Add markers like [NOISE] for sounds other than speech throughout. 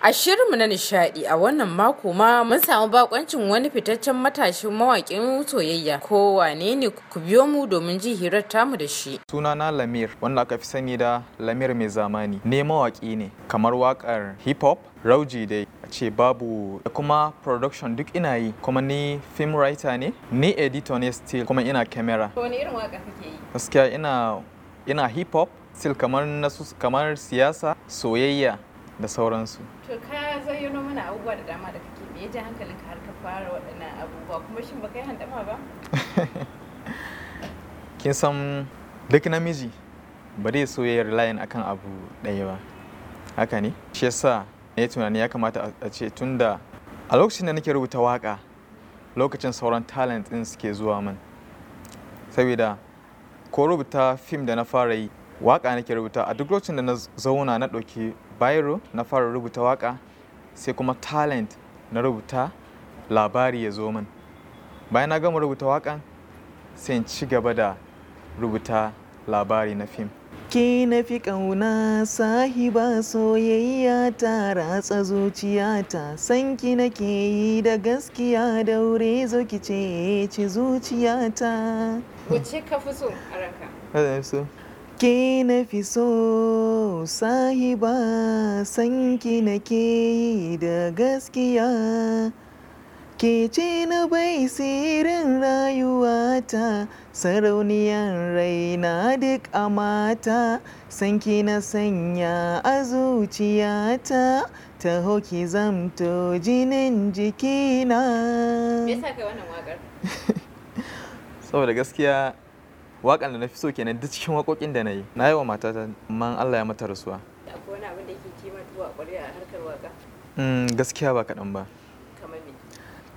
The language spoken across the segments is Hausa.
A shirinmu na nishadi a wannan mako ma mun samu bakoncin wani fitaccen matashin mawaƙin soyayya ko wane ne ku biyo mu domin ji hirar tamu da shi. Sunana Lamir wanda aka fi sani da Lamir mai zamani ne mawaki ne kamar wakar hip hop rauji dai ce babu Da kuma production duk ina yi kuma ni film writer ne ni editor ne still kuma ina camera. wani irin waka kake yi? Gaskiya ina ina hip hop still kamar kamar siyasa soyayya da sauransu to ka zayyano mana abubuwa da dama da kake me hankalin ka har ka fara waɗannan abubuwa kuma shin ba kai handama ba [LAUGHS] kin san duk namiji ba zai so ya a akan abu ɗaya ba haka ne shi yasa na yi tunani ya kamata a ce tun da a lokacin da nake rubuta waka lokacin sauran talent ɗin suke zuwa min saboda ko rubuta fim da na fara yi waƙa nake rubuta a duk lokacin da na zauna na ɗauki biro na fara rubuta waka sai kuma talent na rubuta labari ya zo min bayan na gama rubuta wakan sai in ci gaba da rubuta labari na fim Ki na fi ƙauna sahiba soyayya ta ratsa zuciyata san ki nake yi da gaskiya daure zo ki ce ci zuciyata. Wace ka fi so a raka? Ke na fi so sahiba sanki na ke yi da gaskiya. Ke ce na bai sirrin rayuwata, sarauniyar raina duk a mata, sanki na sanya a ta taho ki zamto jinin jikina. [LAUGHS] Saboda gaskiya waƙan da na fi so kenan duk cikin waƙoƙin da na yi na yi wa matata man Allah ya mata rasuwa akwai wani abin da ke kima tuwa ƙwarya a harkar waƙa mm, gaskiya ba kaɗan ba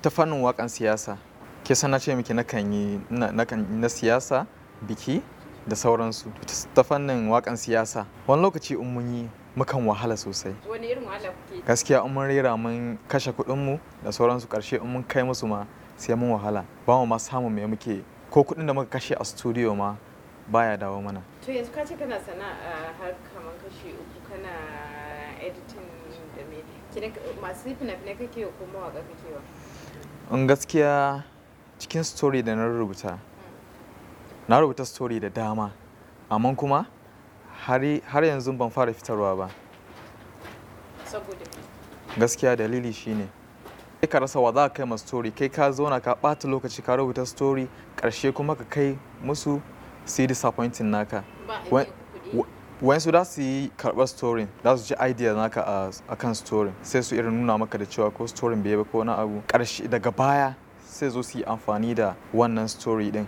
ta fannin waƙan siyasa ke sana ce miki na kan yi na siyasa biki da sauransu ta fannin waƙan siyasa wani lokaci in mun yi mukan wahala sosai wani irin wahala kuke gaskiya in mun rera mun kashe kuɗinmu da sauransu ƙarshe in mun kai musu ma sai mun wahala ba mu ma samun me muke ko kuɗin da muka kashe a studio ma baya dawo mana to yanzu ka ce kana sana'a har kamar kashe uku kana editing da me masu fina-finai kake ko mawaka kake wa in gaskiya cikin story da na rubuta mm. na rubuta story da dama amma kuma har yanzu ban fara fitarwa ba gaskiya dalili shine kai ka rasa wa za kai ma story kai ka zauna ka ɓata lokaci ka rubuta story ƙarshe kuma ka kai musu su yi disappointing naka wayansu da su yi karɓar story da su ci idea naka a kan story sai su irin nuna maka da cewa ko story bai ba ko wani abu ƙarshe daga baya sai zo su yi amfani da wannan story din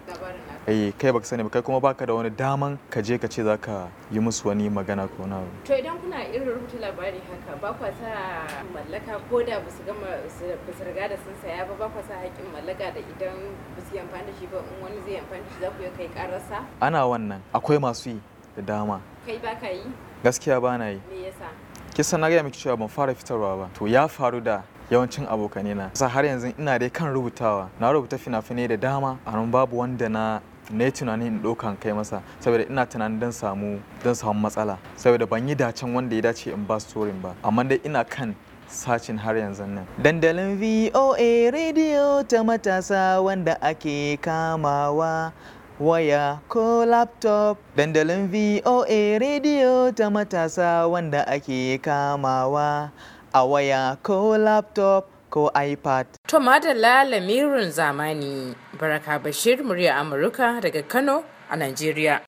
ai eh, kai baka sani ba kai kuma baka da wani daman ka je ka ce zaka yi musu wani magana ko na to idan kuna irin rubuta labari haka ba kwa sa mallaka ko da ba su gama ba su riga da sun saya ba ba kwa sa haƙƙin mallaka da idan ba su yi amfani da shi ba in wani zai amfani da shi za ku kai karasa ana wannan akwai masu yi da dama kai baka yi gaskiya ba na yi me yasa san na gaya miki cewa ban fara fitarwa ba to ya faru da yawancin abokanina sa har yanzu ina dai kan rubutawa na rubuta fina-finai da dama a babu wanda na na yi tunanin in ɗaukan kai masa saboda ina tunanin don samu don samu matsala saboda ban yi dacen wanda ya dace in ba storin ba amma dai ina kan sacin har yanzu nan. Dandalin VOA Radio ta matasa wanda ake kamawa waya ko laptop. Dandalin VOA Radio ta matasa wanda ake kamawa a waya ko laptop. ko ipad to madalla lamirin zamani baraka bashir murya amurka daga kano a najeriya